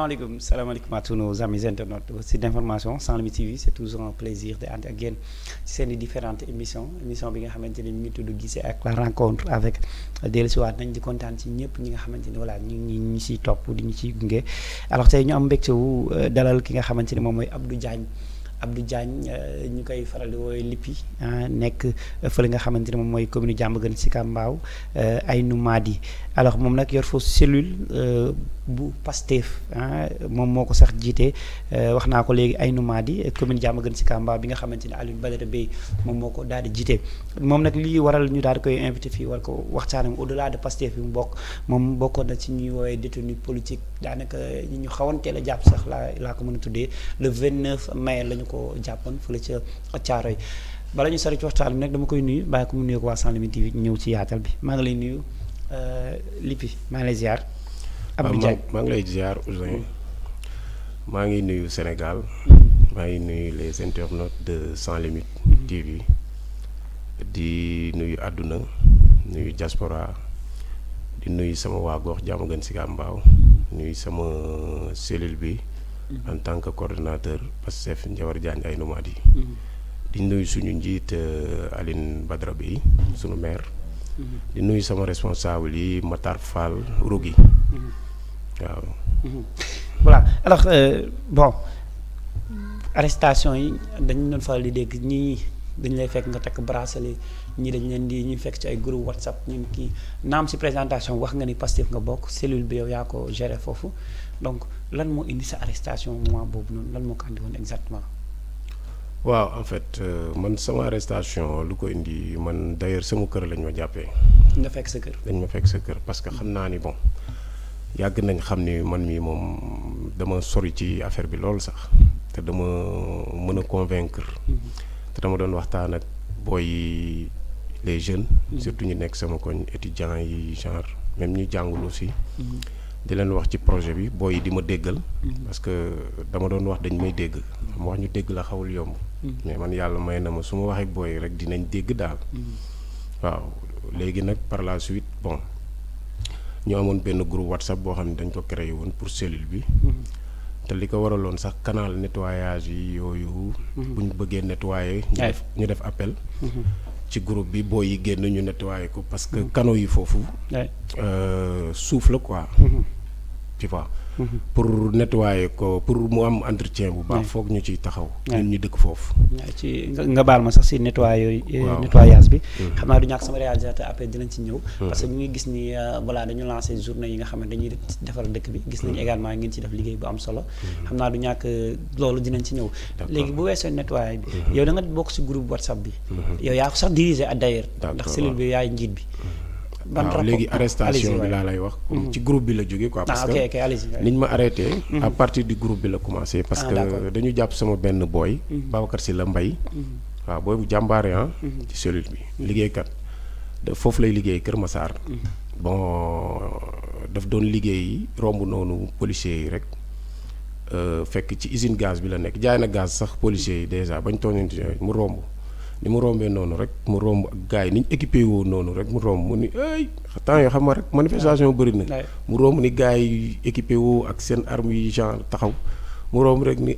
salaamaaleykum salaamaaleykum à tous nos amis internautes site d'information sans limites TV c'est toujours un plaisir de ànd ak yéen ci seen i différentes émission bi nga xamante ni mi ngi tudd gisee ak la rencontre avec dellusiwaat nañ di kontaan ci ñëpp ñi nga xamante ni voilà ñu ñi ñu siy topp di ñu siy gunge alors tey ñu am mbégte wu euh, dalal ki nga xamante ni moom mooy ab du jaañ Abdou Diagne euh, ñu koy faral di woowee Lippi ah, nekk fële nga xamante ne moom mooy commune Diamaguène Sicap Mbao euh, Aynou Madi alors moom nag yor foofu cellule euh, bu Pastef ah, moom moo ko sax jiite wax naa ko léegi Aynou Madi commune Diamaguène Sicap Mbao bi nga xamante ne Alioune Badara Bèye moom moo ko daal di jiite moom nag lii waral ñu daal di koy invité fii war ko waxtaanam au delà de Pastef bi mu bokk moom bokkoon na ci ñuy woowee détenu politique daanaka ñu xawantee la jàpp sax laa laa ko mën a tuddee le 29 mai lañu ko jàppoon fële ca Caaroy bala ñu sori ci waxtaan bi dama koy nuyu bàyyi ko mu nuyu ko waa Sans Limites TV ñëw ci yaatal bi maa ngi lay nuyu euh, Lippi maa ngi lay ziar. Abdou maa ngi lay ziar maa ngi nuyu Sénégal. Mm-hmm. maa ngi nuyu les internautes de Sans Limites mm-hmm. TV di nuyu àdduna nuyu diaspora di nuyu sama waa gox jàmm gën si Mbaaw nuyu sama cellule bi en tant que coordonnateur Pastef Ndiawar Diagne ay nomades yi. Mm-hmm. di nuyu suñu njiit euh, Aline Badara yi suñu maire. Mm-hmm. di nuyu sama responsable yi Matar Fall Rougui mm-hmm. waaw. voilà alors euh, bon arrestation yi dañu doon faral di dégg ñi dañu lay fekk nga takk bracelet ñii dañu leen di ñu fekk ci ay groupe WhatsApp ñu kii naam si présentation wax nga ni Pastef nga bokk cellule bi yow yaa ko gérer foofu donc. lan moo indi sa arrestation moment boobu noonu lan moo ko andi woon exactement. waaw en fait euh, man sama arrestation lu ko indi man d'ailleurs sama kër lañ ma jàppee. nga fekk sa kër. dañ ma fekk sa kër parce que xam naa ni bon yàgg nañ xam ni man mii moom dama sori ci affaire bi loolu sax te dama mën a convaincre. Mm-hmm. te dama doon waxtaan ak booy yi les jeunes. Mm-hmm. surtout ñu nekk sama koñ étudiants yi genre même ñu jàngul si di leen wax ci projet bi booy yi di ma déggal. parce que dama doon wax dañ may dégg. ma wax ñu dégg la xawul yomb. mais man yàlla may na ma su ma waxee booy rek dinañ dégg daal. waaw léegi nag par la suite bon ñu amoon benn groupe whatsapp boo xam ne dañ ko créé woon pour cellule bi. te li ko waraloon sax canal nettoyage yi yooyu. Mm-hmm. bu ñu bëggee nettoyer. ñu ñu def appel. Mm-hmm. ci groupe bi boo yi génn ñu nettoyé ko parce que mm-hmm. canaux yi foofu. Euh, suuf la quoi. Mm-hmm. tu pour nettoyer ko pour mu am entretien bu baax foog ñu ciy taxaw ñun nga baal ma sax si nettoyer euh, nettoyage bi mm. xam naa du ñàkk sama réalisateur après dinañ ci ñëw mm. parce que ñu ngi gis ni euh, voilà dañu lancé journée yi nga xam ne dañuy defar dëkk bi gis nañu mm. également ngeen ci def liggéey bu am solo xam naa du ñàkk euh, loolu dinañ ci ñëw léegi bu weesoo nettoyer bi mm-hmm. yow da bokk si groupe whatsapp bi mm-hmm. yow yaa ko sax diriger d'ailleurs ndax cellule bi yaay njiit mm-hmm. waaw léegi arrestation bi laa lay wax. Mm-hmm. ci groupe bi la jógee quoi. parce ah, que niñ ma arrêté. à mm-hmm. partir du groupe bi la commencé. parce ah, que dañu jàpp sama benn booy. si la mbay waaw booy bu jàmbaare ah. Mm-hmm. ci cellule bi liggéeykat. foofu lay liggéey Kër masaar bon daf doon liggéey romb noonu policiers yi rek. Euh, fekk ci usine gaz bi la nekk jaay na gaz sax policiers yi déjà bañ tooñante mu romb. ni mu rombee noonu rek mu romb ak gars yi ni ñu équipé noonu rek mu romb mu ni ay temps yoo xam nga rek manifestation bëri na mu romb ni gars yi équipé woo ak seen armes yi genre taxaw mu rek ni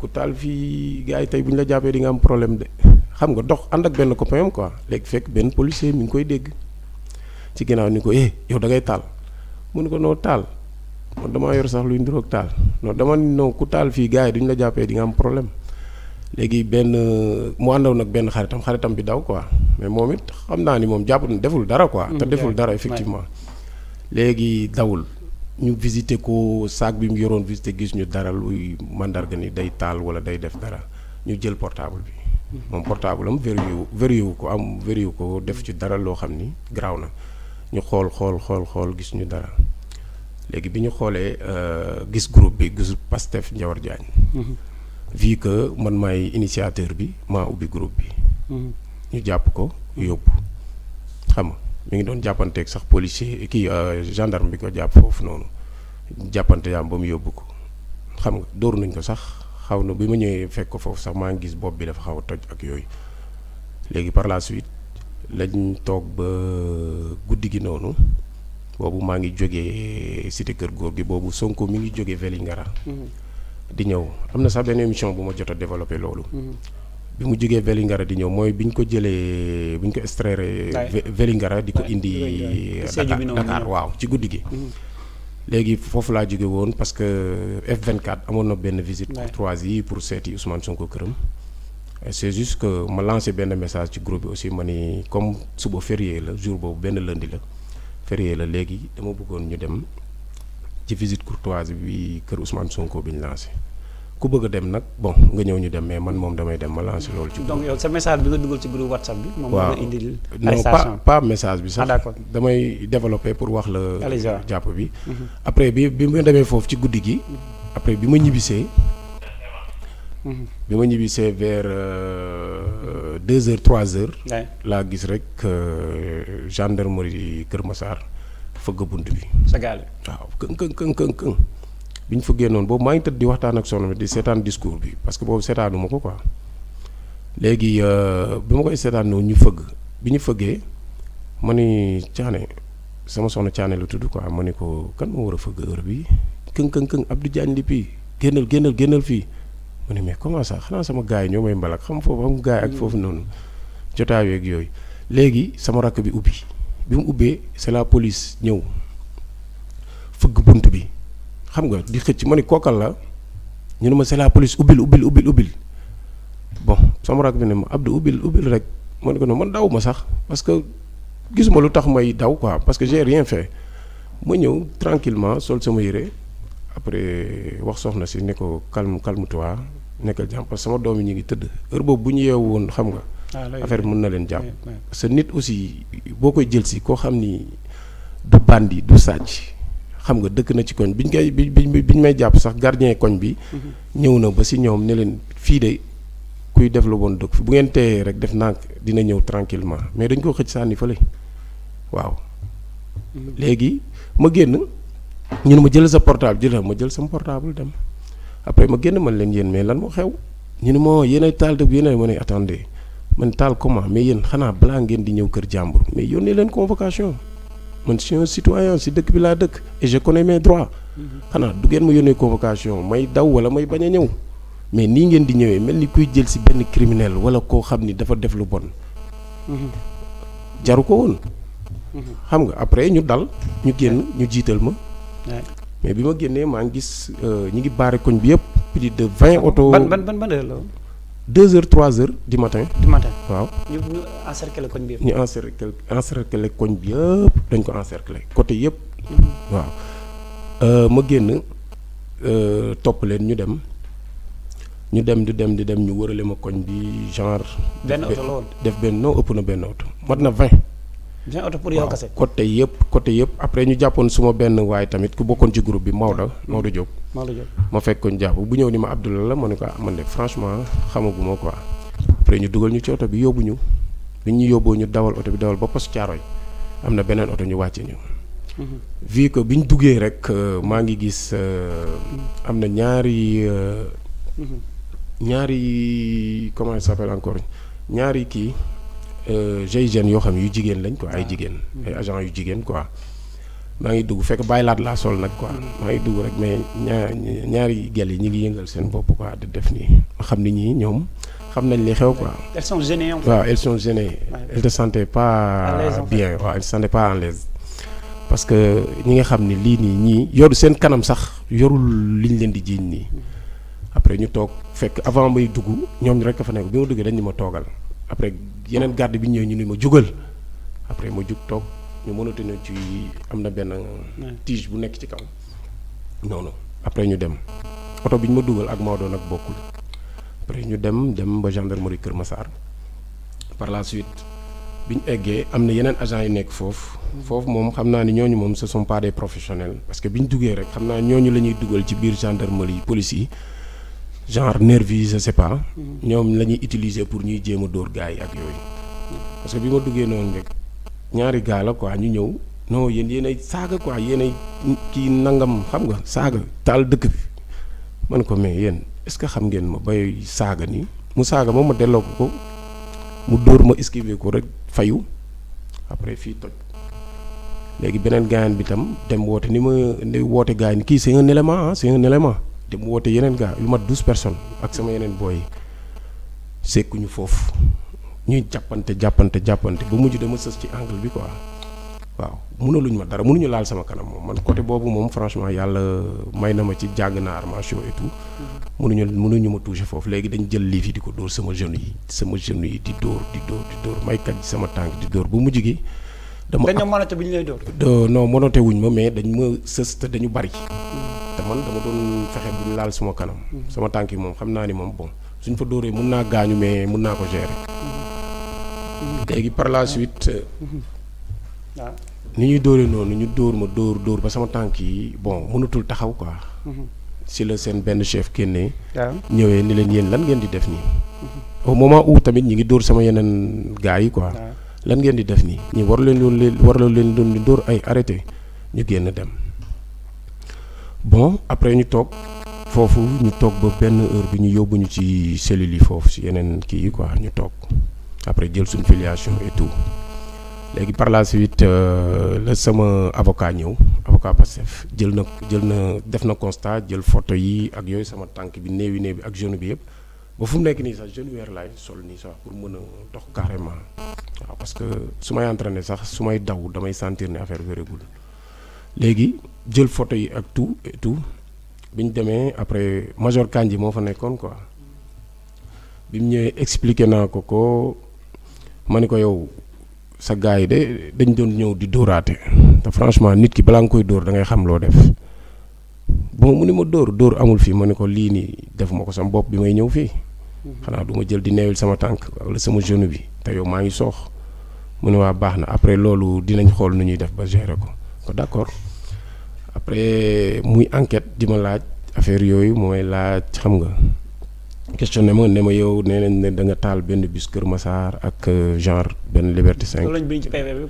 ku taal fii gars yi tey bu la jàppee di nga am problème de xam nga dox ànd ak benn copain am quoi benn policier mi ngi koy dégg ci ni ko eh, yow ngay taal mu ne ko noo taal man damaa yor sax luy nduroog taal non dama non ku taal fii gars yi duñ la jàppee di nga am problème léegi benn mu àndaw nag benn xaritam xaritam bi daw quoi mais moom it xam naa ni moom jàpp na deful dara quoi. Mm, te deful dara effectivement. léegi dawul ñu visité ko saak bi mu yoroon visité gis ñu dara luy mandarga ni day taal wala day def dara ñu jël portable bi. Mm. moom portable am verrouillé wu verrouillé wu ko am verrouillé wu ko def ci dara loo xam ni graaw na ñu xool xool xool xool gis ñu dara léegi bi ñu xoolee euh, gis groupe bi gis Pastef Njawar Diagne. Mm-hmm. vu que man may initiateur bi maa ubbi groupe bi. Mm-hmm. ñu jàpp ko yóbbu xam nga mu ngi doon jàppanteek sax policier kii euh, gendarme bi ko jàpp foofu noonu jàppante yaam ba mu yóbbu ko xam nga dóor nañ ko sax xaw na bi ma ñëwee fekk ko foofu sax maa ngi gis bopp bi dafa xaw a toj ak yooyu léegi par la suite lañ toog ba guddi gi noonu boobu maa ngi jógee cité kër góor gi boobu Sonko mi ngi jógee Vélingara. Mm-hmm. di ñëw am na sax benn émission bu ma jot a développé loolu. bi mu jógee Vélingara di ñëw mooy bi ñu ko jëlee bi ñu ko extraire. Vélingara di ko indi. Dakar waaw ci guddi gi. Mm-hmm. léegi foofu laa jóge woon parce que F24 amoon na benn visite. pour trois yi pour seeti Ousmane ko këram. c' est que ma lancé benn message ci groupe bi aussi ma ni comme suba férié la jour boobu benn lundi la férié la léegi dama bëggoon ñu dem. ci visite courtoisie bi kër Ousmane Sonko bi ñu lancé ku bëgg a dem nag bon nga ñëw ñu dem mais man moom damay dem ma lancé loolu. ci donc yow sa message bi nga dugal ci groupe WhatsApp bi. moom nga indil non pas pas message bi sax. Ah, d'accord damay développé pour wax la. jàpp bi. Mhm. après bi bi ma demee foofu ci guddi gi. après bi ma ñibbisee. Mhm. bi ma ñibbisee vers euh, deux heures trois heures. laa gis rek euh, gendarmerie Kër Massar. fëgg bunt bi. sa gaal bi waaw këng këng këng këng bi ñu fëggee noonu boobu maa ngi tëdd di waxtaan ak soxna bi di seetaan discours bi parce que boobu seetaanu ma ko quoi. léegi euh, bi ma koy seetaan noonu ñu fëgg bi ñu fëggee ma ni caane sama soxna caane lu tudd ko ma ni ko kan moo war a fëgg heure bi këng këng këng Abdou Diagne li pii génnal génnal génnal fii. ma ne mais comment ça xanaa sama gars yi ñoo may mbalak xam foofu xam gars ak foofu noonu jotaay ak yooyu léegi sama rakk bi ubbi. bi mu ubbee c'est la police ñëw fëgg bunt bi xam nga di xëcc ma ne kookal la ñu ne ma c'est la police ubbil ubbil ubbil bon sama rak bi ne ma Abdou ubbil ubbil rek ma ne ko noonu man daw ma sax parce que gisuma lu tax may daw ko parce que j'ai rien fait ma ñëw tranquillement sol sama yére après wax soxna si ne ko calme calme toi nekkal jàmm parce que sama doom yi ñu ngi tëdd heure boobu bu ñu yeewu woon xam nga. Ah, affaire bi mën na leen jàpp sa nit aussi boo koy jël si koo xam ni du bandi du sàcc xam nga dëkk na ci koñ biñ koy bi biñ may jàpp sax gardien koñ bi mhm. ñëw na ba si ñoom ne leen fii de kuy def la woon dëkk bu ngeen teeyee rek def nànk dina ñëw tranquillement mais dañ koo xëcc sànni fële waaw mhm. léegi ma génn ñu ne ma jël sa portable jël ma jël sama portable dem après ma génn man leen yéen mais lan moo xew ñu ne ma oh, yéen ay taal dëkk yéen ay ma ne man taal comment mais yéen xanaa balaa ngeen di ñëw kër jàmbur mais yonnee leen convocation man je suis un citoyen si dëkk bi laa dëkk et je connais xanaa du ngeen ma yónnee convocation may daw wala may bañ a ñëw mais nii ngeen di ñëwee mel ni kuy jël si benn criminel wala koo xam ni dafa def lu bon jaru ko woon xam nga après ñu dal ñu génn ñu jiital ma mais bi ma génnee maa ngi gis euh, ñi ngi baare koñ bi yëpp plus de vingt auto ban ban ban ban la deux heures trois heures du matin. du matin waaw. ñu ñu encercler koñ bi yëpp. ñu encercler encercler koñ bi yëpp dañ ko encercler côté yëpp. Mm-hmm. waaw euh, ma génn euh, topp leen ñu dem ñu dem di dem di dem ñu wërale ma koñ bi genre. benn oto la woon def benn non ëpp na benn oto mat na vingt. bien oto pour yow kese côté yëpp côté après ñu jàppoon suma benn waaye tamit ku bokkoon ci groupe bi Maodo mm-hmm. Maodo Diop. Maodo Diop ma fekk ko ñu jàpp bu ñëw ni ma Abdoulaye la ma ne ko ah, man de franchement xamaguma quoi après ñu dugal ñu ci oto bi yóbbu ñu li ñu yóbboo ñu dawal oto bi dawal ba poste Thiaroye am na beneen oto ñu wàcce ñu. Mm-hmm. vu que bi ñu duggee rek euh, maa ngi gis euh, mm-hmm. am na ñaari euh, ñaari comment il s'appelle encore ñaari kii. GIGN euh, yoo xam ne yu jigéen lañ quoi ay ah. jigéen ay agent yu jigéen quoi maa ngi dugg fekk bàyyi laat laa sol nag quoi mm. maa ngi dugg rek mais ñaar ñaari gel yi ñu ngi yëngal seen bopp quoi di def nii ma xam ni ñii ñoom xam nañ li xew quoi. elles sont gênées en fait. waaw elles sont gênées. elles parce que ñi nga xam ne lii nii ñii yoru seen kanam sax yorul liñ leen di jiiñ nii mm. après ñu toog fekk avant may dugg ñoom rek fa nekk bi ma duggee dañ ñu ma toogal. après yeneen garde bi ñëw ñu ni ma jugal après ma jug toog ñu mënatu ne ci am na benn tige bu nekk ci kaw noonu après ñu dem oto bi ñu ma dugal ak Maodo nag bokkul après ñu dem dem ba gendarmerie Kër masaar par la suite bi ñu eggee am na yeneen agents yu nekk foofu mm. foofu moom xam naa ni ñooñu moom ce sont pas des parce que bi ñu duggee rek xam naa ñooñu la ñuy dugal ci biir gendarmerie police yi genre nervi je sais pas. ñoom la ñuy utiliser pour ñuy jéem a dóor gars yi ak yooyu. parce que bi ma duggee noonu rek ñaari gars la quoi ñu ñëw no yéen yéen ay saaga quoi yéen ay kii nangam xam nga saaga taal dëkk bi man ko mais yéen est ce que xam ngeen ma bay saaga nii mu saaga moom ma delloo ko ko mu dóor ma esquivé ko rek fayu après fii toj léegi beneen gaayan bi tam dem woote ni ma woote gaayan kii c'est un élément ah te mu woote yeneen gaa lu mat douze personnes ak sama yeneen booy yi sekkuñu foofu ñuy jàppante jàppante jàppante ba mujj dama sës ci angle bi quoi waaw mënaluñ ma dara mënuñu laal sama kanam moom man côté boobu moom franchement yàlla may na ma ci jàng naa arts martiaux et tout mm-hmm. mënuñu ma touché foofu léegi dañ jël lii fi di ko dóor sama genou yi sama genou yi di dóor di dóor di dóor sama tànk di dóor bu mujj gi. dama dañ ma bi ñu lay dóor. noo mënate wuñ ma mais dañ ma sës dañu bari. Mm-hmm. te man dama doon fexe bu laal suma kanam. sama tànk yi moom xam naa ni moom bon suñ fa dóoree mun naa gaañu mais mun naa ko gérer. léegi par la suite. ni ñuy dóoree noonu ñu dóor ma dóor dóor ba sama tànk yi bon mënatul taxaw quoi. si la seen benn chef génnee. ñëwee ni leen yéen lan ngeen di def nii. au moment où tamit ñi ngi dóor sama yeneen gars yi quoi. lan ngeen di def nii. ñu war leen doon leen leen doon di dóor ay arrêté ñu génn dem. bon après ñu toog foofu ñu toog ba benn heure bi ñu yóbbu ñu ci cellules yi foofu si yeneen kii yi quoi ñu toog après jël suñu filiation et tout léegi par la suite euh, la sama avocat ñëw avocat Pastef jël na jël na def na constat jël foto yi ak yooyu sama tànk bi néewi néew bi ak genou bi yëpp ba fu mu nekk nii sax genou weer laay sol nii sax pour mën a dox carrément waaw parce que su may entraîné sax su may daw damay sentir ne affaire wérégul léegi jël photo yi ak tout et tout bi ñu demee après major Kandji moo fa nekkoon ko bi mu ñëwee expliqué naa ko ko ma ne ko yow sa gars yi de dañ doon ñëw di dóoraate te franchement nit ki balaa nga koy dóor da ngay xam loo def bon mu ni ma dóor dóor amul fii ma ne ko lii nii defuma ko sama bopp bi may ñëw fii. Mhm. xanaa duma jël di neewil sama tànk wala sama genou bi te yow maa ngi soox mu ne waa baax na après loolu dinañ xool nu ñuy def ba gérer ko ko après muy enquête di ma laaj affaire yooyu mooy laaj xam nga questionné ma ne ma yow nee nañ ne danga taal benn bis Kër Massar ak euh, genre benn Liberté 5. lañ bi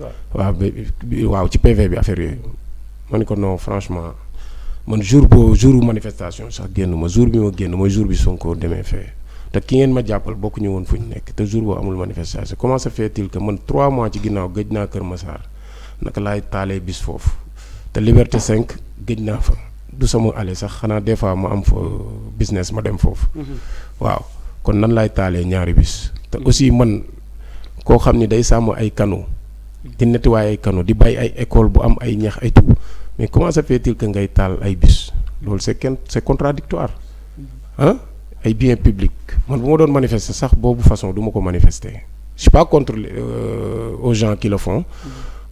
quoi. waaw bi waaw ci PV bi affaire yooyu ma ni ko non franchement man jour boo jour manifestation sax génn ma jour bi ma génn mooy jour bi Sonko demee fee. te ki ngeen ma jàppal bokkuñu woon fu ñu nekk te jour boo amul manifestation comment se fait-il que man 3 mois ci ginnaaw gëj naa Kër Massar naka laay taalee bis foofu. te Liberté 5 géej naa fa du sama ale sax xanaa des fois ma am fa business ma dem foofu. Mhm. waaw kon nan laay taalee ñaari bis. te mhm. aussi man koo xam ni day sàmm ay canaux. di nettoyer ay kano di bàyyi ay école bu am ay ñax ay tout mais comment ça fait-il que ngay taal ay bis loolu c'est kenn c'est contradictoire mhm. ay biens publique man bu ma doon manifester sax boobu façon duma ko manifester je suis pas contre euh, au gens qui le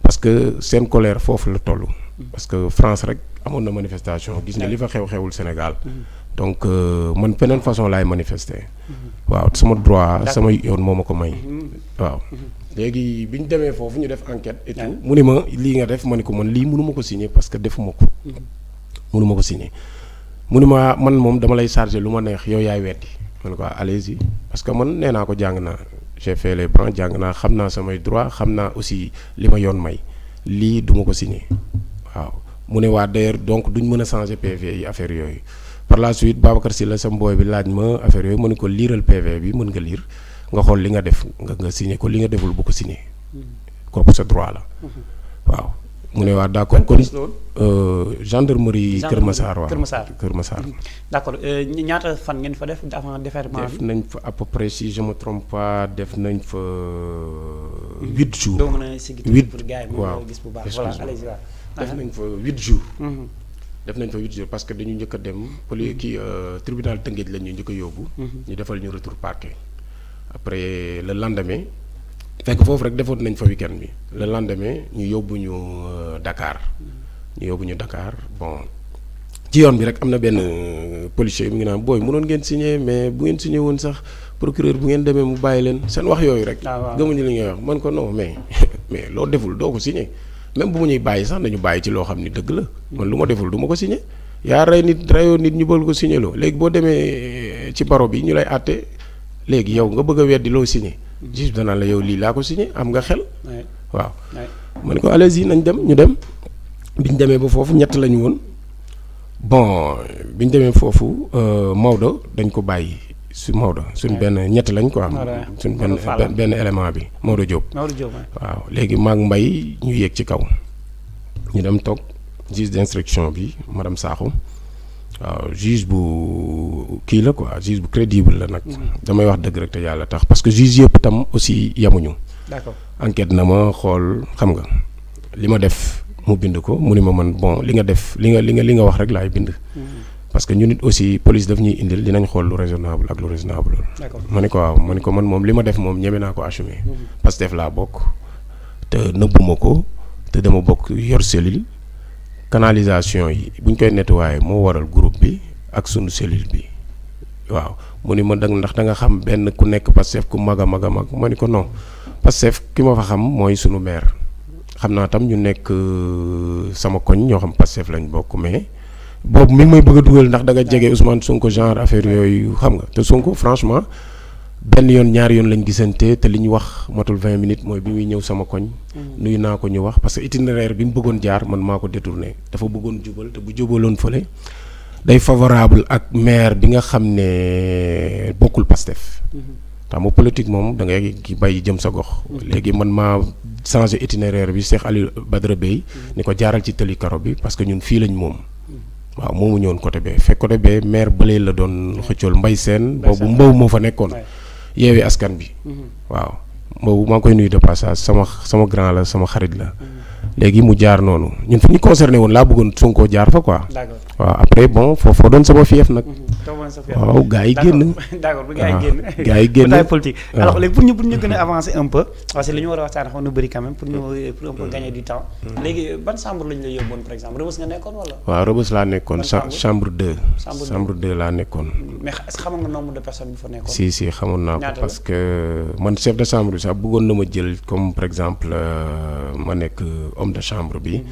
parce que seen colère foofu la toll. parce que France rek amoon na manifestation mm-hmm. gis nga li fa xew xewul Sénégal mm-hmm. donc euh, man beneen façon laay manifester mm-hmm. waaw sama droit sama yoon moom ma ko may waaw léegi bi ñu demee foofu ñu def enquête et mu ni ma lii nga def ma ne ko man lii mënuma ko signer parce que defuma ko mënuma ko signer mu ne ma man moom dama lay charger lu ma neex yow yaay weddi man quoi ah, alles y parce que man nee naa ko jàng naa j'ai fait les jàng naa xam naa samay droit xam naa aussi li ma yoon may lii duma ko signer waaw mu ne waa d'ailleurs donc duñ mën a changer PV yi affaire yooyu par la suite si la sa mbooy bi laaj ma affaire yooyu ne ko liiral PV bi mën nga liir nga xool li nga def nga nga signé ko li nga deful bu ko signé hmm. kooku sa droit la hmm. waaw mu ne waa d'accord kon euh, gendarmerie Kër Massar waaw Kër Massar Kër Massar hmm. d'accord euh, ñaata fan ngeen fa def avant déferment nañ fa à peu près si je me trompe def nañ fa euh, huit jours doo a siggi huit pour gars yi waaw gis bu baax voilà allez waaw Mhm. def nañ fa huit jour def nañ fa huit parce que dañu njëkk a dem. poli kii euh, tribunal Tëngéej la ñu njëkk a yóbbu. Mhm. ñu defal ñu retour parquet. après le lendemain. fekk foofu rek defoon nañ fa weekend bi. le lendemain ñu yóbbu ñu euh, dakaar ñu yóbbu ñu Dakar bon. ci yoon bi rek am na benn euh, policier mu ngi naan booy mënoon ngeen signé mais bu ngeen signé woon sax procureur bu ngeen demee mu bàyyi leen seen wax yooyu rek. Ah, gëmuñu li ngay wax man ko non mais mais loo deful doo ko signé. même bu mu ñuy bàyyi sax nañu bàyyi ci loo xam ni dëgg la man lu ma deful du ma ko signé yaa rey nit reyoo nit ñu bëgg ko signé loo léegi boo demee eh, ci baro bi ñu lay àtte léegi yow nga bëgg a weddi loo signé juge la yow lii laa ko signé am nga xel waaw man ko allez yi nañ dem ñu dem bi ñu demee ba foofu ñett lañu woon bon bi ñu demee foofu euh, Maodo dañ ko bàyyi su Maodo suñ benn ñett lañ quoi. suñ benn benn élément bi Maodo Diop. Maodo Diop waaw léegi maag mbay ñu yéeg ci kaw. ñu dem toog juge d'instruction bi madame Sakho waaw juge bu kii la ko juge bu crédible la nag. Mhm. damay wax dëgg rek te yàlla tax parce que juge yëpp tam aussi yemuñu. d'accord na ma xool xam nga li ma def mu bind ko mu ni ma man bon li nga def li nga li nga li nga wax rek laay bind. Mhm. parce que ñun aussi police daf ñuy indil dinañ xool lu raisonnable ak lu raisonnable loolu. d'accord ma ne ko waaw ma ne ko man moom li ma def moom ñeme naa ko assumer. parce que laa bokk te nëbbuma ko te dama bokk yor cellule canalisation yi buñ koy nettoyer moo waral groupe bi ak sunu cellule bi. waaw mu ni ma dag ndax da nga xam benn ku nekk Pastef ku mag a mag a mag ma ni ko non Pastef ki ma fa xam mooy sunu meer xam naa tam ñu nekk euh, sama koñ ñoo xam Pastef lañ bokk mais boobu mi ngi may bëgg dugal ndax da nga jege Ousmane Sonko genre affaire yooyu xam nga te Sonko franchement benn yoon ñaari yoon lañ gisante te li ñu wax matul 20 mooy bi muy ñëw sama koñ. Mm. nuyu naa ko ñu wax parce que itinéraire bi mu bëggoon jaar man maa ko détourné dafa bëggoon jubal te bu jubaloon fële day favorable ak maire bi nga xam ne bokkul Pastef. Mm-hmm. xam nga politique moom da ngay ki bàyyi jëm sa gox. Mm-hmm. léegi man maa changé itinéraire bi Cheikh Aliou Badara Bey. Mm-hmm. ni ko jaaral ci tëli karo bi parce que ñun fii lañ moom. waaw moom moomu ñëwoon côté bee fekk côté bee maire bële la doon xëccool mbay seen boobu mbaw moo fa nekkoon yeewee askan bi mhm. waaw mbaw maa ngi koy nuyu de passage sama sama grand la sama xarit la mhm. léegi mu jaar noonu ñun fi ñu concerné woon laa bëggoon Sonko jaar fa quoi waaw après bon foofu doon sama fief nag mhm. waaw gaa ah, yi génn d'accord bu gaa yi génn gaa yi génn politique ah. alors léegi pour ñu pour ñu gën a avancer un peu parce que li ñu war a waxtaan xaw na bëri quand même pour ñu mm. pour un peu mm. gagner du temps mm. léegi ban chambre lañ la yóbboon par exemple Rebeuss nga nekkoon wala waaw Rebeuss laa nekkoon chambre 2 chambre 2 laa nekkoon mais xamoon nga nombre de personnes bu fa nekkoon si si xamoon naa ko parce que man chef de chambre bi sax bëggoon na ma jël comme par exemple euh, ma nekk homme de chambre bi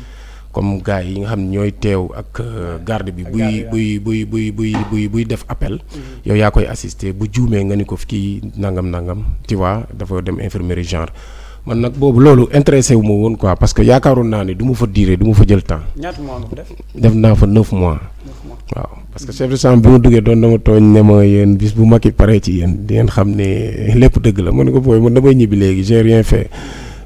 comme gars yi nga xam ne ñooy teew ak euh, garde bi buy buy buy buy buy buy buy def appel mm-hmm. yow yaa koy assister bu juumee nga ni ko fi kii nangam nangam tu vois dafa dem infirmerie genre man nag boobu loolu intéressé wu ma woon quoi parce que yaakaaroon naa ne du fa diire du fa jël temps. ñaata def. naa fa neuf mois. waaw parce que chef de chambre bi ma na ma tooñ yéen bis bu mag yi paree ci yéen di ngeen xam ne lépp dëgg la man ko booy man damay ñibbi léegi j'ai rien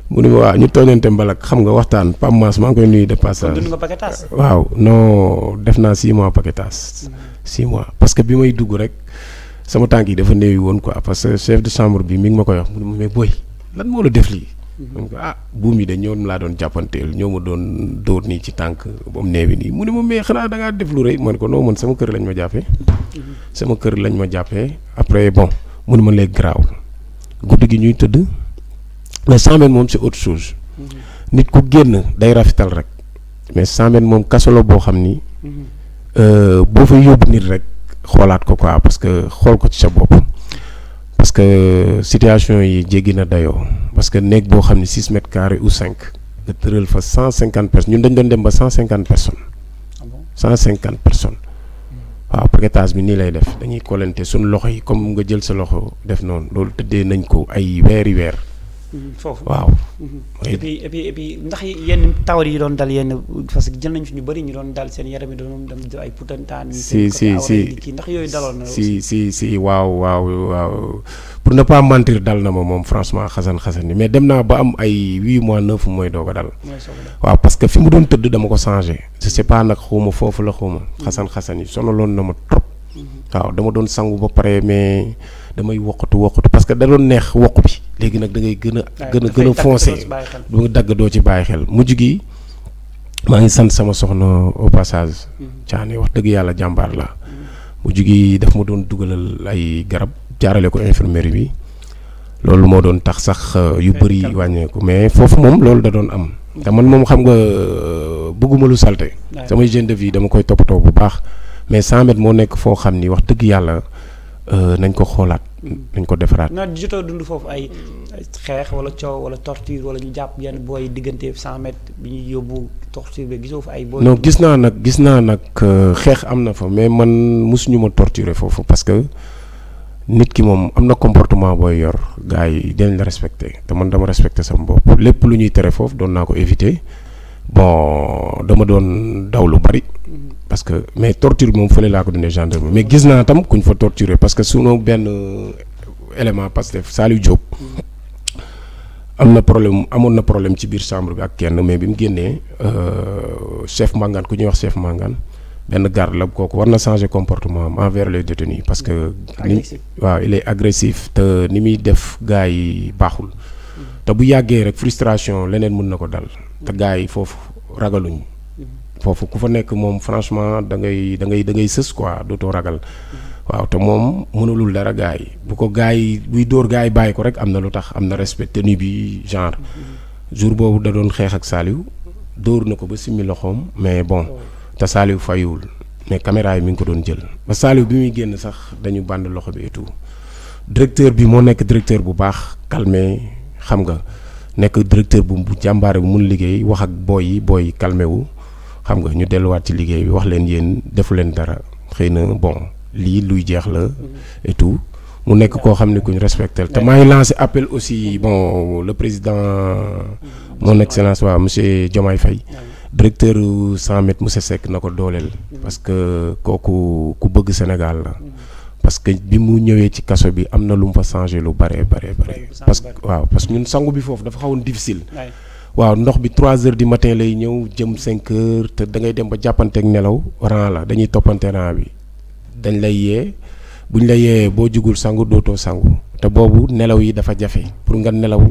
mu ne ma waaw ñu tooñante xam nga waxtaan Pam maa ngi koy nuyu de passage waaw non def naa six mois paquetage mm. six mois parce que bi may dugg rek sama tànk yi dafa néew woon quoi parce que chef de chambre mi ngi koy wax mu ne ma mais moo la def lii. Mm-hmm. ah buum yi de ñoom laa doon jàppanteel ñoo ma doon dóor nii ci tànk ba mu néewi nii mu ne ma mais xanaa da ngaa def lu rëy man ko non man sama kër lañ ma jàppee. Mm-hmm. sama kër lañ ma jàppee après bon mu ne ma léegi garaawul guddi gi ñuy tëdd. mais 100 moom si autre chose mm-hmm. nit ku génn day rafetal rek mais 100 moom kaso boo xam ni mm-hmm. euh, boo fa yóbbu nit rek xoolaat ko quoi parce que xool ko ci sa bopp parce que euh, situation yi jéggi na dayoo parce que néeg boo xam ne 6 mètres carrés ou cinq nga tëral fa 150 personnes ñun dañ doon dem ba 150 personnes. 150 ah personnes. Mm-hmm. waaw paquetage bi nii lay def dañuy kolente suñu loxo yi comme nga jël sa loxo def noonu loolu tëddee nañ ko ay weeri weer. Mhm, foofu waaw. Mhm. et puis et puis ndax yenn tawar yi doon dal yenn parce que jël nañ fi ñu bëri ñu doon dal seen yaram yi doon dem ay putantaan. si si si kii ndax yooyu daloon na. si si si waaw waaw waaw pour ne pas dal na ma moom franchement xasan xasan ni mais dem naa ba am ay huit mois neuf mooy doog dal. waaw que fi mu doon tëdd dama ko changé. je sais pas nag foofu la xawma mhm. xasan xasan yi sonaloon na ma trop. waaw dama doon sangu ba pare mais damay wokkatu wokkatu parce que da doon neex wokk bi. léegi nag dangay ngay gën a ah, gën a gën foncé du dagg doo ci bàyyi xel mujj gi maa ngi sant sama soxna au passage mm-hmm. caane wax dëgg yàlla jàmbaar la mm-hmm. mujj gi daf ma doon dugalal ay garab jaarale ko infirmerie bi loolu moo doon tax sax euh, yu bëri wàññeeku mais foofu moom loolu da doon am mm-hmm. te man moom xam nga euh, bëgguma lu salte samay hygiène de vie dama koy toppatoo bu baax mais 100 moo nekk foo xam ni wax dëgg yàlla Euh, nañ ko xoolaat. nañ ko defaraat. na jotoo dund foofu ay xeex wala coow wala torture wala ñu jàpp yenn booy diggante cent bi ñuy yóbbu torture bi gisoo fa ay. booy non gis naa nag gis naa nag euh, xeex am na fa mais man musuñu ma torturer foofu parce que nit ki moom am na comportement booy yor gars yi dañ la respecté te man dama respecté sama bopp lépp lu ñuy tere foofu doon naa ko éviter bon dama doon daw lu bari. parce que mais torture moom fële laa ko dundee gendarme mais gis naa tam kuñ fa torturer parce que sunu benn euh, élément Pastef Saliou Diop. am na problème amoon na problème ci biir chambre bi ak kenn mais bi mu génnee euh, chef Mangane ku ñuy wax chef Mangane benn garde la kooku war na changer comportement am envers les détenus parce que. ni waaw il est te ni muy def gars yi baaxul. Mm. te bu yàggee rek frustration leneen mën na ko dal. te gars yi foofu ragaluñ. foofu ku fa nekk moom franchement da ngay da ngay da sës quoi dootoo ragal waaw te moom mënulul dara gars bu ko gars yi buy dóor gars yi bàyyi ko rek am na lu tax am na respect tenue bi genre jour boobu da doon xeex ak Saliou dóor na ko ba simmi loxoom mais bon te Saliou fayiwul mais caméra yi mi ngi ko doon jël ba Saliou bi muy génn sax dañu bànd loxo bi et directeur bi moo nekk directeur bu baax calmé xam nga nekk directeur bu bu jàmbaare bu mun liggéey wax ak booy yi booy yi calmé wu. xam nga ñu delluwaat ci liggéey bi wax leen yéen defu leen dara xëy na bon lii luy jeex la et mu nekk koo xam ne ku ñu respecté te maa ngi lancé appel aussi bon le président mon excellence waa monsieur Diomaye fay directeur 100 mètres monsieur Seck na ko dooleel parce que kooku ku bëgg Sénégal la parce que bi mu ñëwee ci kaso bi am na lu mu fa changé lu bare bare bare parce que waaw parce que ñun sangu bi foofu dafa xawoon difficile waaw ndox bi trois heures di matin lay ñëw jëm 5 heures te da ngay dem ba jàppanteeg nelaw rang la dañuy toppante rang bi dañ lay yee buñ la yeeyee boo jugul sangu dootoo sangu te boobu nelaw yi dafa jafe pour nga nelaw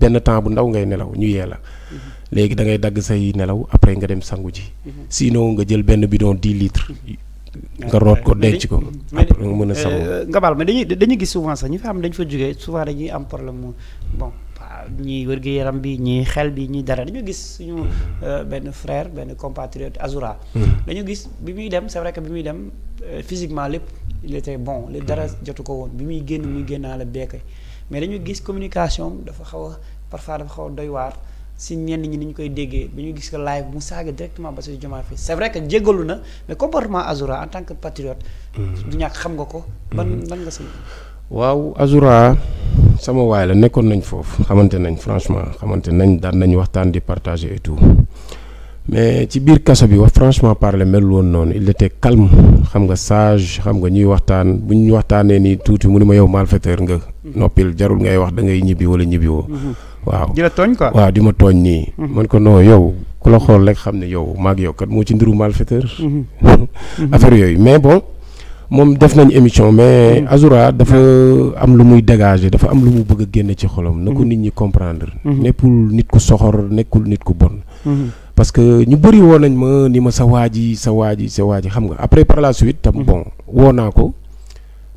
benn temps bu ndaw ngay nelaw ñu yee la mhm. léegi da ngay dagg say nelaw après nga dem sangu ji mhm. sinon nga jël benn bidon 10 litres mhm. nga root ko denc ko. après nga mën a sangu euh, nga baal ma dañuy dañuy gis souvent sax ñu fi am dañu fa jógee souvent dañuy am problème bon. ñii wér yaram bi ñii xel bi ñii dara dañu gis suñu hmm. euh, benn frère benn compatriote Azoura hmm. dañu gis bi muy dem c'est vrai que bi muy dem euh, physiquement lépp il était bon lépp hmm. dara jotu ko woon bi muy génn muy génnaa la beeke mais dañu gis communication dafa xaw a parfois dafa xaw a waar si ñenn ñi ni ñu koy déggee bi ñu gis ko live mu saaga directement Bassirou Diomaye Faye c'est vrai que jéggalu na mais comportement Azoura en tant que patriote du ñàkk xam nga ko ban ban nga sëñ waaw Azoura sama waay la nekkoon nañ foofu xamante nañ franchement xamante nañ daan nañ waxtaan di partage et mais ci biir kaso bi wax franchement parler mel woon noonu il était calme xam nga sage xam nga ñuy waxtaan bu ñu waxtaanee nii tuuti mu ni ma yow malfaiteur nga. noppil jarul ngay wax da ngay ñibbi wala ñibbi woo. Mm-hmm. waaw di di ma tooñ nii. Mm-hmm. man ko non yow ku la xool rek xam ne yow maak yow kat moo ci ndiru malfaiteur. Mm-hmm. affaire yooyu mais bon. moom def nañ émission mais mm. Azoura dafa mm. am lu muy dégager dafa am lu mu bëgg génne ci xolom na ko mm. nit ñi comprendre. Mm-hmm. nekkul nit ku soxor nekkul nit ku bon. Mm-hmm. parce que ñu bëri woon nañ ma ni ma sa waa ji sa waa ji sa waa ji xam nga après par la suite tam bon woo naa ko.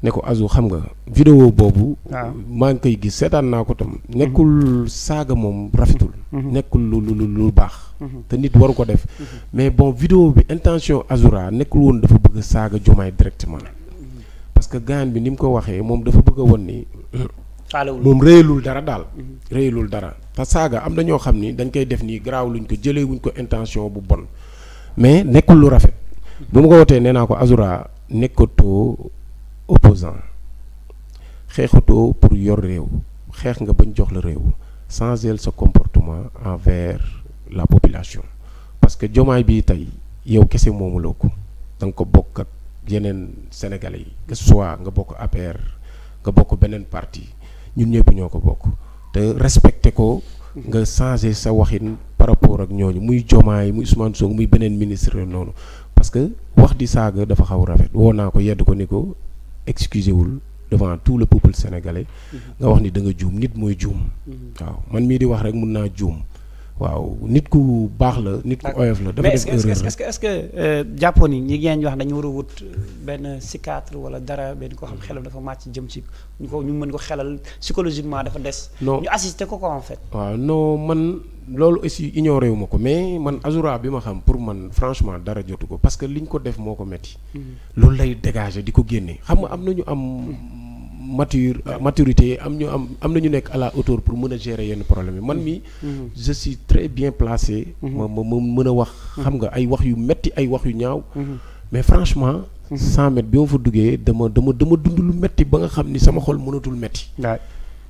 ne ko Azou xam nga vidéo boobu ah. maa ngi koy gis seetaan naa ko tam mhm. nekkul saaga moom rafetul mhm. nekkul lu lu lu baax mhm. te nit waru ko def mais bon video bi intention Azoura nekkul woon dafa bëgg a saaga directement parce que gaan bi ni mu ko waxee moom dafa bëgg a won ni moom réyalul dara daal réyalul dara te saaga am na ñoo xam ni dañ koy def nii garaaw luñ ko jëlee ko intention bu bon mais nekkul lu rafet bu ma ko wotee nee naa ko Azoura nekkatoo opposant xeexatoo pour yor réew xeex nga bañ jox la réew changer sa comportement envers la population parce que jomaay bii tey yow kese moomuloo ko da ko bokk ak yeneen sénégalais yi que soit nga bokk APR nga bokk beneen parti ñun ñëpp ñoo ko bokk te respecté ko nga changer sa waxin par rapport ak ñooñu muy jomaay muy Ousmane Sonko muy beneen ministre noonu parce que wax di saaga dafa xaw rafet woo naa ko yedd ko ni ko excusé wul devant tout le peuple sénégalais. Mhm. nga wax ni da nga juum nit mooy juum. Mhm. waaw man mii di wax rek mun naa juum. waaw nit ku baax la nit ku oyof la. dafa def erreur mais est-ce que est-ce que est-ce que jàppoon ni a wut benn psychiatre wala dara benn koo xam xelam dafa màcc jëm ci ñu ko mën ko xelal psychologiquement dafa des. non ñu assister ko ko en fait. waaw non man loolu aussi ignoré wu ko mais man Azoura bi ma xam pour man franchement dara jotu ko parce que li ñu ko def moo ko metti mm-hmm. loolu lay dégager di ko génne xam nga am na ñu am. Mm-hmm. mature euh, maturité am ñu am am na ñu nekk à la hauteur pour mën a gérer yenn problème yi man mi mhm. je suis très bien placé mhm. ma ma mën a wax mhm. xam nga ay wax yu metti ay wax yu ñaaw mais franchement cent bi ma fa duggee dama dama dama dund lu metti ba nga xam ni sama xol mënatul metti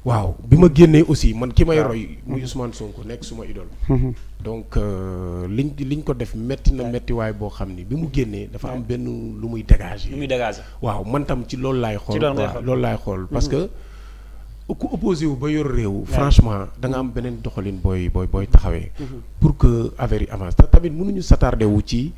waaw bi ma génnee aussi man ki may roy muy Ousmane Sonko nekk suma idole mm-hmm. donc euh, liñ liñ ko def metti na méttiwaay boo xam ni bi mu génnee dafa am benn lu muy dégager. lu muy dégager waaw man tam ci lool laay xool loolu laay xool mm-hmm. parce que ku opposé wu ba yor réew franchement danga am beneen doxalin booy booy booy taxawee mm-hmm. pour que affaire yi avance te tamit mënuñu s'attarder wu ci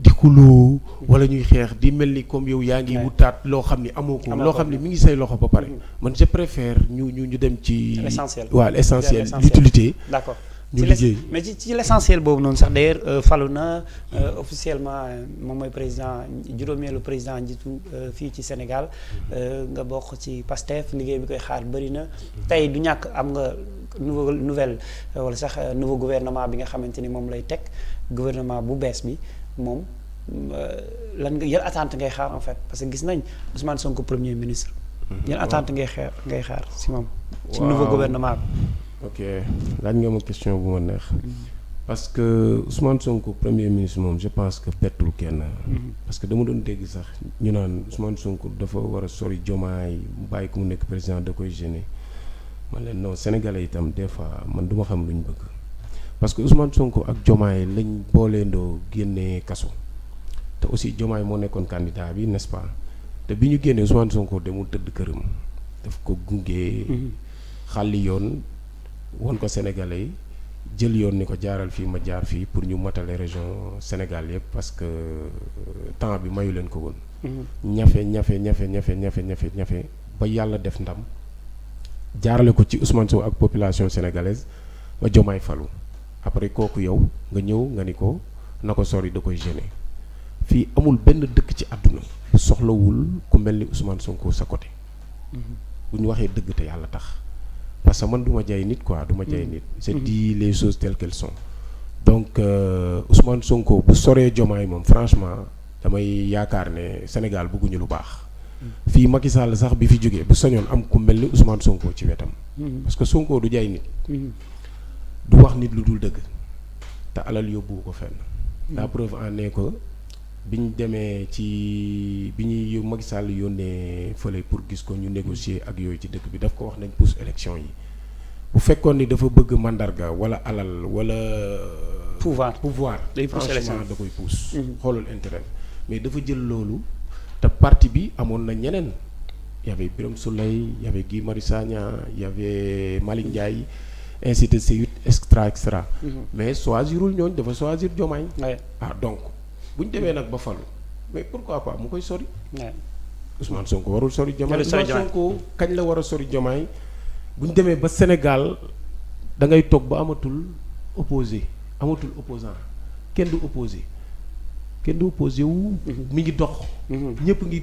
di xuloo wala ñuy xeex di mel ni comme yow yaa ngi wutaat loo xam ni amoo ko loo xam ni mi ngi say loxo ba pare mm-hmm. man je préfère ñu ñu ñu dem ci l'essentiel waaw l'essentiel l'utilité d'accord ñu liggéey mais ci ci l'essentiel boobu noonu sax d'ailleurs euh, falu na euh, officiellement euh, moom mooy président juróomeelu président njitu fii ci Sénégal mm-hmm. nga bokk ci Pastef liggéey bi koy xaar bëri na tey du ñàkk am nga nouveau nouvelle wala sax nouveau gouvernement bi nga xamante ni moom lay teg gouvernement bu bees bi moom euh, lan nga yan attente ngay xaar en fait parce que gis nañ Ousmane Sonko premier ministre. Mhm. yan attente ngay xaar ngay xaar si moom. ci nouveau gouvernement bi. ok laaj nga ma question bu ma neex. Mhm. parce que Ousmane Sonko premier ministre moom je pense que pertul kenn. Mhm. parce que dama doon dégg sax ñu naan Ousmane Sonko dafa war a sori yi bàyyi ko mu nekk président da koy gêner man leen non Sénégalais itam des fois man du ma xam lu ñu bëgg. parce que Ousmane Sonko ak Diomaye lañ booleendoo génnee kaso te aussi Diomaye moo nekkoon candidat bi n'est-ce te bi ñu génnee Ousmane Sonko demul tëdd këram daf ko gunge. xàlli yoon won ko sénégalais yi jël yoon ni ko jaaral fii ma jaar fii pour ñu matale région Sénégal yëpp parce que euh, temps bi mayu leen ko woon. Mhm. ñafe ñafe ñafe ñafe ñafe ñafe ñafe ba yàlla def ndam jaarale ko ci Ousmane Sonko ak population sénégalaise ba Diomaye falu. après kooku yow nga ñëw nga ni ko na ko sori da koy gêner fii amul benn dëkk ci àdduna soxlawul ku mel ni Ousmane Sonko sa côté mhm. bu ñu waxee dëgg te yàlla tax parce que man duma ma jaay nit quoi duma ma jaay mhm. nit je mhm. dis les sos telles qu'elles donc euh, Ousmane Sonko bu soree Diomaye moom franchement damay yaakaar ne Sénégal bëgguñu lu baax fii Macky Sall sax bi fi jógee bu sañoon am ku mel ni Ousmane Sonko ci wetam parce que du jaay nit du wax nit lu dul dëgg te alal yóbbuwu ko fenn. la hmm. preuve en bi ñu demee ci bi ñuy Macky Sall yónnee fële pour gis ko ñu négocier ak yooyu ci dëkk bi daf ko wax nañ pousse élection yi bu fekkoon ni dafa bëgg mandarga wala alal wala. pouvoir pouvoir. day pousse élection da koy pousse. Hmm. xoolal intérêt mais dafa jël loolu te parti bi amoon na ñeneen y avait Birame Souleye y avait Guy Marius Sagna y avait Ndiaye. ainsi de suite extra extra. Mhm. mais choisirul ñooñ dafa choisir Diomaye. ah donc bu ñu demee nag ba falu mais pourquoi pas mu koy sori. Ousmane Sonko warul sori Diomaye Ousmane Sonko kañ la war a sori Diomaye bu ñu demee ba Sénégal da ngay toog ba amatul opposé amatul opposant kenn du opposé kenn du opposé wu. Mhm. mi ngi dox. Mhm. ñëpp ngi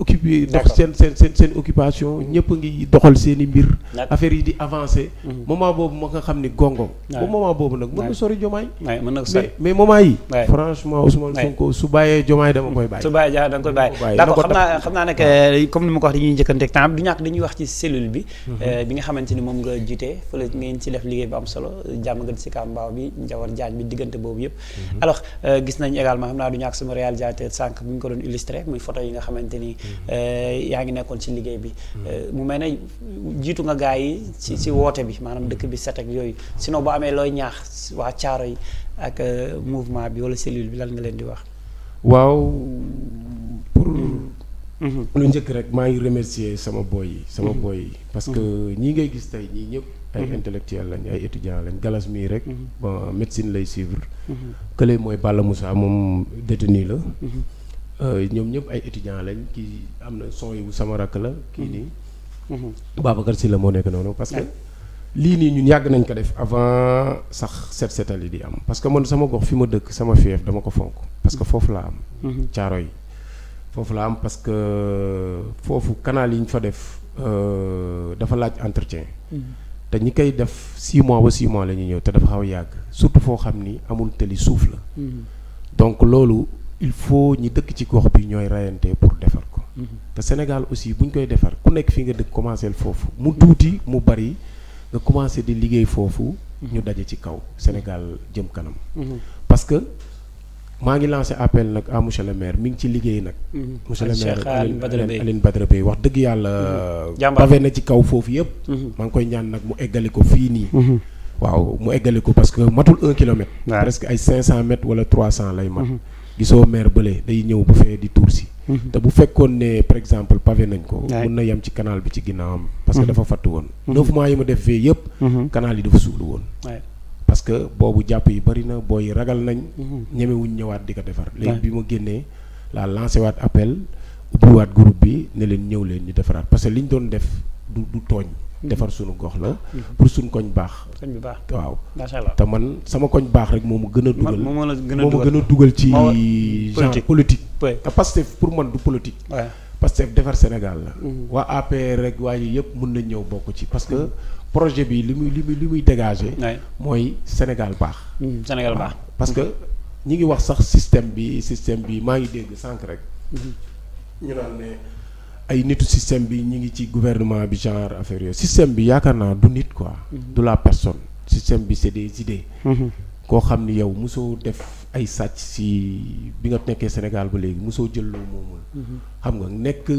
occupé dox seen seen seen seen occupation mhm. ñëpp ngi doxal seen i mbir. affaire yi di avancé. moment boobu moo nga xam ni gongo. ba moment boobu nag mën na sori jomaay. mën na sori mais moment yi. franchement Ousmane Sonko su bàyyee jomaay dama koy bàyyi. su bàyyee jomaay dama koy bàyyi d'accord xam naa xam naa nag euh, comme ni ma ko wax dañuy njëkkanteeg temps du ñàkk dañuy wax ci cellule bi. Euh, bi nga xamante ni moom nga jiite fële ngeen ci def liggéey bu am solo jàmm gën si kàmbaaw bi Njawar Jaañ bi diggante boobu yëpp. alors euh, gis nañ également xam naa du ñàkk sama réalisateur sànq bu ñu ko doon illustré muy photo yi nga xamante ni euh, yaa ngi nekkoon ci liggéey bi euh, mu mel ne jiitu nga gaa yi ci ci woote bi maanaam dëkk bi set ak yooyu sinon boo amee looy ñaax waa caaro yi ak euh, mouvement bi wala cellule bi lan nga leen di wax waaw pour lu njëkk rek maa ngi remercier sama boy yi sama mhm. boy yi parce que mhm. ñii ngay gis tey ñii ñëpp ay mhm. intellectuel lañ ay étudiant lañ galas mii rek bon médecine lay suivre kële mooy Balla Moussa moom détenu la euh, ñoom ñëpp ay étudiant lañ kii am na son bu sama rakk la kii nii Babacar si la moo nekk noonu parce que lii nii ñun yàgg nañ ko def avant sax set setal di am parce que man sama gox fi ma dëkk sama fief dama ko fonk parce que foofu laa am caaro yi foofu la am parce que foofu kanaal yi ñu fa def euh, dafa laaj entretien. Mm-hmm. te ñi koy def 6 mois ba 6 mois la ñuy ñëw te dafa xaw a yàgg surtout foo xam ni amul tëli suuf la. Mm-hmm. donc loolu il faut ñi dëkk ci gox bi ñooy rayante pour defar ko. Mm-hmm. te Sénégal aussi bu ñu koy defar ku nekk fii nga dëkk commencé foofu mu tuuti mu bari nga commencé di liggéey foofu. ñu daje ci kaw Sénégal jëm kanam. parce maa ngi lancé appel nag à monsieur le maire mi ngi ci liggéey nag. Mhm. monsieur maire Alioune Badara wax dëgg yàlla. Mhm. jàmbaar na ci kaw foofu yëpp. Mhm. maa ngi koy ñaan nag mu eggali ko fii nii. waaw mu eggali ko parce que matul un kilomètre. presque ay 500 mètres wala 300 lay mat. gisoo maire bële day ñëw bu fee di tuur si. te bu fekkoon ne par exemple pavé nañ ko. mën na yem ci canal bi ci ginnaawam. parce que dafa fàttu woon. neuf mois yi mu def fee yëpp. canal parce que boobu jàpp yi bari na booy ragal nañ. Mhm. ñemewuñ ñëwaat di ko defar. léegi bi ma génnee laa lancé waat appel ubbiwaat groupe bi ne leen ñëw leen ñu defaraat parce que li doon def du du tooñ. Mhm. defar suñu gox la. Mhm. pour suñu koñ baax. koñ bi baax waaw. macha allah te man sama koñ baax rek moom ma gën a dugal. moo ma gën a dugal moo ma gën a dugal ci. genre politique. te Pastef pour man du politique. Pastef defar Sénégal la. waa APR rek waaye yëpp mun nañ ñëw bokk ci parce projet bi li muy li li muy dégager. mooy Sénégal baax. Hmm, Sénégal baax ah, parce que ñi ngi wax sax système bi système bi maa ngi dégg sànq rek. Hmm. ñu naan ne ay nitu système bi ñi ngi ci gouvernement bi genre affaire yooyu système bi yaakaar naa du nit quoi. Hmm. du la personne système bi c'est des idées. koo xam ni yow mosoo def ay sàcc si bi nga nekkee Sénégal ba léegi mosoo jël loo moomul. xam nga nekk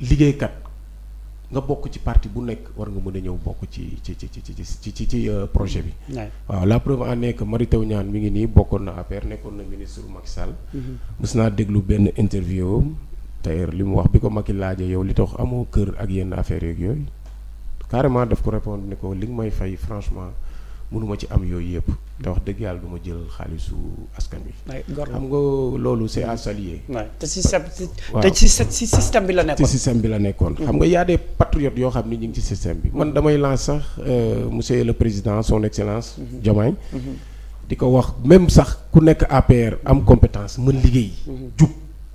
liggéeykat. nga bokk ci parti bu nekk war nga mën a ñëw bokk ci ci ci ci ci ci euh, projet bi. waaw la preuve en est que Mary Teuw mi ngi nii bokkoon na APR nekkoon na ministre Macky Sall. Mm-hmm. mës naa déglu benn interview d'ailleurs li mu wax bi ko i laajee yow li tax amoo kër ak yenn affaires yeeg yooyu carrément def ko répondre ne ko li nga may fay franchement. mënuma ci am yooyu yëpp te wax dëgg yàlla du ma jël xaalisu askan wi. xam nga loolu c'est à saluer. te si si système bi la nekkoon. ci bi la nekkoon. xam nga y a des yoo xam ni ñu ngi ci système bi man damay lance sax euh, monsieur le président son excellence. Mhm. Diomaye. Mhm. di ko wax même sax ku nekk APR am compétence mën liggéey. Mhm. jub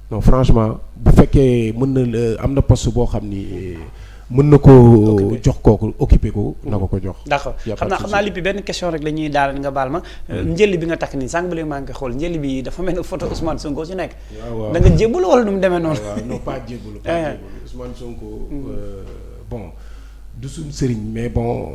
non franchement bu fekkee mën na euh, am na post boo xam ni. Euh, mën na koo jox kooku occupé ko na ko ko jox d'accord xam naa xam naa lippi benn question rek la ñuy daal nga baal ma euh, njëli bi nga takk nii sànq ba léegi maa ngi koy xool njëli bi dafa mel ne photo Ousmane Sonko ci nekk da nga jébbalu wala nu mu demee noonu non pas jébbalu pas Sonko mm. euh, bon du suñ sëriñ mais bon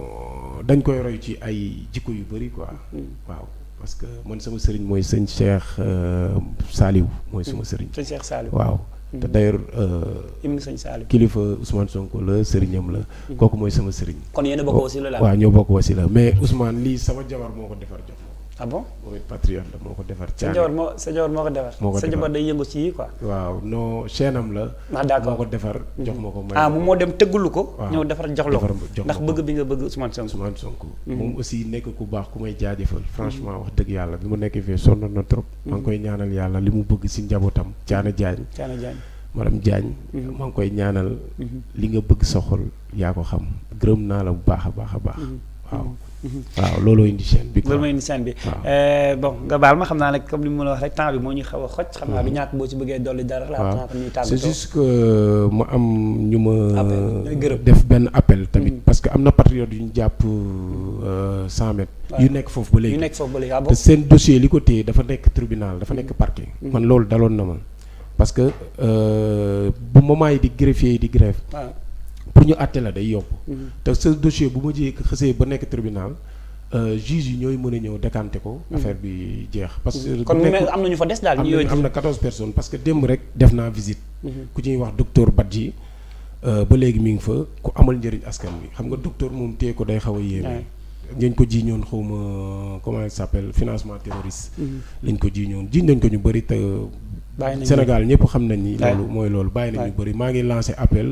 dañ koy roy ci ay jikko yu bëri quoi mm. waaw parce que man sama sëriñ mooy sëñ Cheikh euh, Saliou mooy mm. sama sëriñ sëñ Cheikh Saliou waaw te d'ailleurs. Euh, hymne sëñ Saliou kilifa Ousmane Sonko la sëriñam la. kooku mooy sama sëriñ. kon yéen a bokk oh. wasila la waaw ñoo bokk wasila mais Ousmane lii sama jabar moo ko defar jox. ah bon moom it patriote moo ko defar. sa njaboot moo sa njaboot moo ko defar. moo ko defar sa njaboot day yëngu ci yi quoi. waaw non chaîne am la. ah d'accord moo ko defar mhm. jox ma ko. ah moom moo dem tëggulu ko. waaw ñëw defar jox la ko ndax bëgg bi nga bëgg Ousmane Sonko. Ousmane Sonko mhm. moom aussi nekk ku baax ku may jaajëfal. franchement wax dëgg yàlla bi mu nekkee fi sonnoon na trop. maa ngi mhm. koy ñaanal yàlla li mu bëgg si njabootam. Thiana Diagne Thiana Diagne. madame Diagne. maa ngi koy ñaanal. li nga bëgg sa xol yaa ko xam gërëm naa la bu baax a baax a baax waaw waaw looloo indi chaîne bi. loolu mooy indi chaîne bi eh, bon nga baal ma xam naa ne comme li mu la wax rek temps bi moo ñu xaw a xam naa du mm-hmm. ñàkk boo ci bëggee dolli euh, am ñu ma. def benn appel tamit. Mm-hmm. parce que am na patriote yu ñu jàpp 100 euh, mètres. yu nekk foofu ba léegi yu nekk foofu ba léegi ah te seen dossier li ko téye dafa nekk tribunal dafa nekk mm-hmm. parquet. man loolu daloon na ma parce que euh, bu moment yi di greffier di grève pour ñu àtte la day yomb. Mm-hmm. te sa dossier bu ma jiyee xësee ba nekk tribunal euh, juge yi ñooy mën ñëw décanté ko. Mm-hmm. affaire bi jeex. parce que mm-hmm. kon am na ñu fa des daal ñu am na 14 personnes parce que démb rek def naa visite. ku ci wax docteur Badji euh, ba léegi mi ngi fa ku amal njëriñ askan bi xam nga docteur moom téye ko day xaw a yéeme. dañ ko ji ñoon xaw ma comment il financement terroriste. lañ ko ji ñoon jiñ ko ñu bëri bàyyi Sénégal ñëpp xam nañ ni. loolu mooy loolu bàyyi nañu bëri maa ngi lancé appel.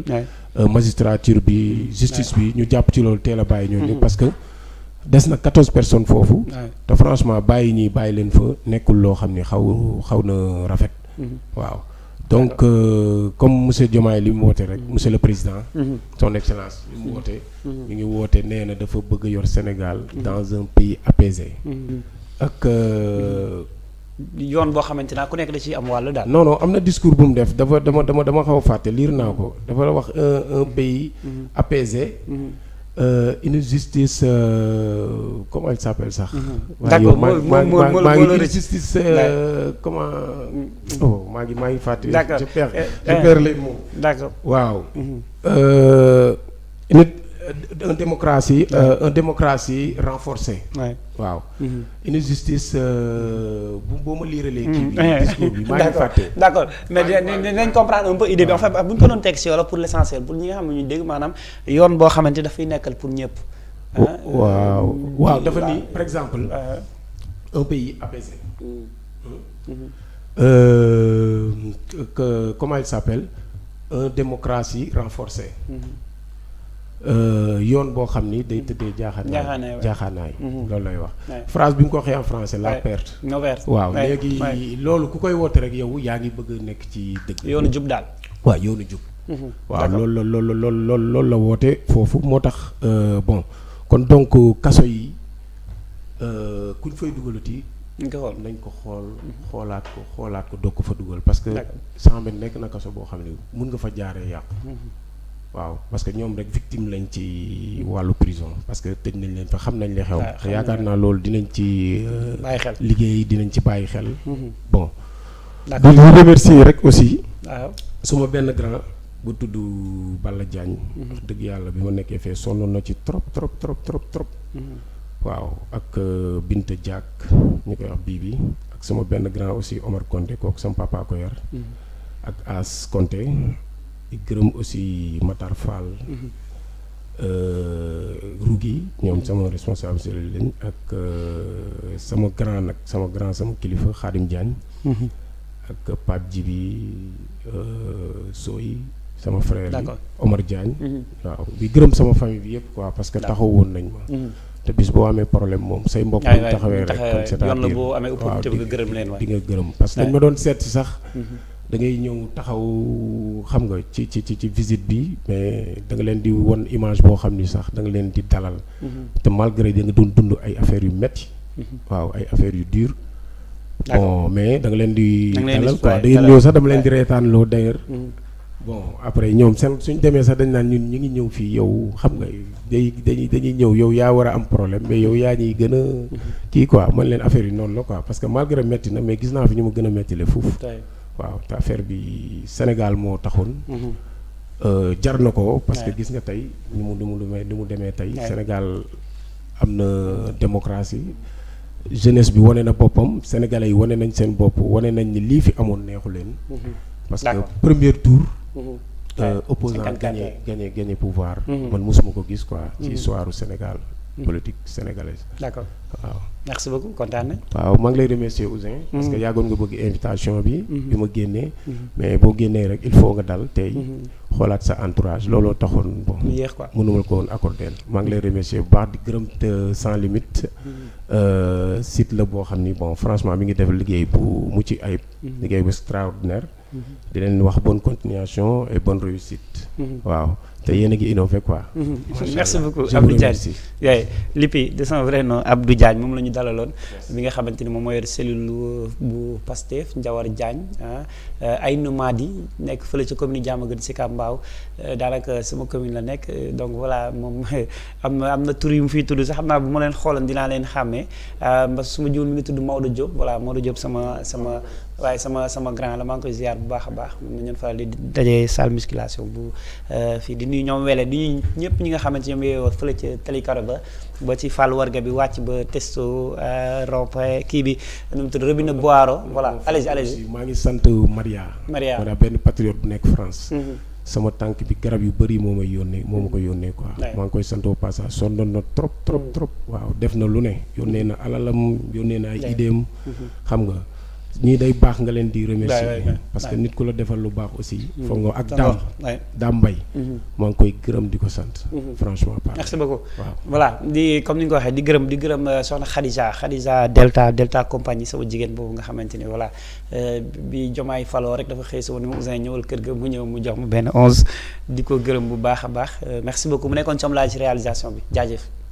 Euh, magistrature bi justice bi ñu jàpp ci loolu teel a bàyyi ñooñu. Mm-hmm. parce que des na quatorze personnes foofu. te franchement bàyyi ñuy bàyyi leen fa nekkul loo xam ni xaw xaw na rafet. Mm-hmm. waaw donc euh, comme monsieur Diomaye li mu woote rek mm-hmm. monsieur le président. son excellence li mu woote. mi ngi woote nee na dafa bëgg a yor Sénégal dans un pays apaisé. ak. Euh, yoon boo xamante naa ku nekk da ciy am wàll daal. non am na discours bu mu def dafa dama dama dama xaw a fàtte liir naa ko dafa wax un un pays. Mm-hmm. Mm-hmm. Euh, euh, sax. Mm-hmm. d'accord maa ngi une justice euh, comment. oh maa ngi maa ngi fàtte. d'accord je perds waaw. une. un démocratie euh, un démocratie renforcée waaw mhm. une justice euh, bu boo ma liiralee kii mhm. bi discours bi maa ngi fàtte d' accord mais dinañ comprendre un peu idée bi en bu ñu ko doon teg si pour l' essentiel pour ñi nga xam ne ñu dégg maanaam yoon boo xamante dafay nekkal pour ñëpp ah, euh, waaw waaw dafa ni par exemple ah. un pays apaisé mm. mm-hmm. que démocratie renforcée mm-hmm. Euh, yoon boo xam ni day tëddee jaaxaanaay jaaxaanaay mhm. loolu lay wax phrase bi mu ko waxee en français la perte waaw léegi loolu ku koy woote rek yow yaa ngi bëgg a nekk ci dëgg yoonu jub daal waaw yoonu jub mhm. waaw lool loolu loolu loolu loolu la woote foofu moo tax euh, bon kon donc kaso yi euh, kuñ fay dugalati nañ ko xool mhm. xoolaat ko xoolaat ko doog ko fa dugal parce que sànq nekk na kaso boo xam ne mun nga fa jaaree yàqu waaw parce que ñoom rek victime lañ ci wàllu prison parce que tëj nañ leen fa xam nañ li xew ah, yaakaar naa loolu dinañ ci euh, bàyyi xel liggéey dinañ ci bàyyi xel mm-hmm. bon di remercier rek aussi suma benn grand bu tudd Balla Diagne mm-hmm. wax yàlla bi ma nekkee fee sonn na ci trop trop trop trop trop mm-hmm. waaw ak euh, Binta Diak ñu koy wax bii bi ak suma benn grand aussi Omar Konté kooku sama papa ko yar ak As Konté di gërëm aussi Matar Fall. Mhm. Euh, Rougi ñoom sama responsabilité lañ ak euh, sama grand nag sama grand sama kilifa Khadim Diagne. Mhm. ak Pape Djibi euh, Soy sama frère bi Omar Diagne. Mhm. waaw di gërëm sama famille bi yëpp quoi parce que taxaw woon nañ ma. te bis boo amee problème moom say mbokk ñu taxawee rek. comme c'est-à-dire waaw di gërëm parce dañ ma doon seet si sax. da ngay ñëw taxaw xam nga ci ci ci visite bi mais da nga leen di won image boo xam ni sax danga leen di dalal. Mhm. te malgré da nga doon dund ay affaire yu metti mhm. waaw ay affaire yu dures. bon mais da leen di. dalal quoi leen di reetaan loo d'ailleurs. Mhm. bon après ñoom seen suñ demee sax dañ naan ñun ñu ngi ñëw fii yow xam nga day dañuy ñëw yow yaa war a am problème mais yow yaa ñuy gën a. kii quoi man leen affaire yi noonu la quoi parce que metti na mais gis naa fi ñu ma gën a metti foofu. waaw te affaire bi Sénégal moo taxoon. Mhm. Euh, jar na ko. parce que gis nga tey ni mu ni mu ni mu demee tey. Sénégal am na démocratie. jeunesse bi wane na boppam sénégalais yi wane nañ seen bopp wane nañ ni lii fi amoon neexu leen. Mhm. parce que premier tour. Mhm. Euh, opposant gagné gagné gagné pouvoir. man mosuma ko gis quoi. ci histoire Sénégal. politique sénégalaise. waaw. merci beaucoup kontaan nañ. waaw maa ngi lay remercier Ouzin. Mhm. parce que yàggoon nga bëgg invitation bi. Mhm. bi ma génnee. Mhm. mais boo génnee rek il faut nga dal tey. xoolaat sa entourage looloo taxoon bon. mu yéex quoi mënuma ko woon accordé maa ngi lay remercier bu baax di gërëm te sans limite. Euh, site la boo xam ni bon franchement mi ngi def liggéey bu mucc ayib. liggéey bu extraordinaire. di leen wax bon continuation et bonne réussite. waaw. te yéen a ngi innové quoi. Mm-hmm. merci beaucoup Abdou Diagne yaay Lippi de son vrai nom Abdou Diagne moom la ñu dalaloon. bi nga xamante ni moom moo yor cellule bu Pastef Njawar Diagne ay ah. euh, nomades yi nekk fële ca commune si Sicap Mbao euh, daanaka sama commune la nekk euh, donc voilà moom am na am na tur yu mu fiy tudd sax xam naa bu ma leen xoolan dinaa leen xàmmee parce que su ma jiwul mi ngi tudd Maodo Diop voilà Maodo Diop sama sama. waaye sama sama grand la maa ngi koy ziar bu baax a baax mun nañu faral di dajee salle musculation bu euh, fii di nuyu ñoom wele di ñuy ñëpp ñi nga xamante ñoom yooyu fële ca Télékaro ba ba ci fàllu warga bi wàcc ba testo euh, rompé kii bi nu mu tudd robinet boiro voilà allez allez maa ngi sant Maria Maria Maria benn patriote bu nekk France mhm. sama tànk bi garab yu bëri moom may yónnee moom ma ko yónnee ko maa ngi koy sant au passage sonnoon na trop trop mhm. trop waaw def na lu ne yónnee na alalam yónnee na ay idéem mhm. xam nga ñii day baax nga leen di remercier parce que nit ku la defal lu baax aussi mm-hmm. foog nga ak daam daam mbay mm-hmm. maa ngi koy gërëm di ko sant mm-hmm. franchement pas merci beaucoup waaw voilà di comme ni nga ko waxee di gërëm di gërëm euh, soxna Khadija Khadija Delta Delta compagnie sama jigéen boobu nga xamante ni voilà euh, bi jomaay faloo rek dafa xëy si woon ni ma Ousin ñëwal kër ga mu ñëw mu jox mu benn onze di ko gërëm bu baax a baax euh, merci beaucoup mu nekkoon som laa ci réalisation bi jaajëf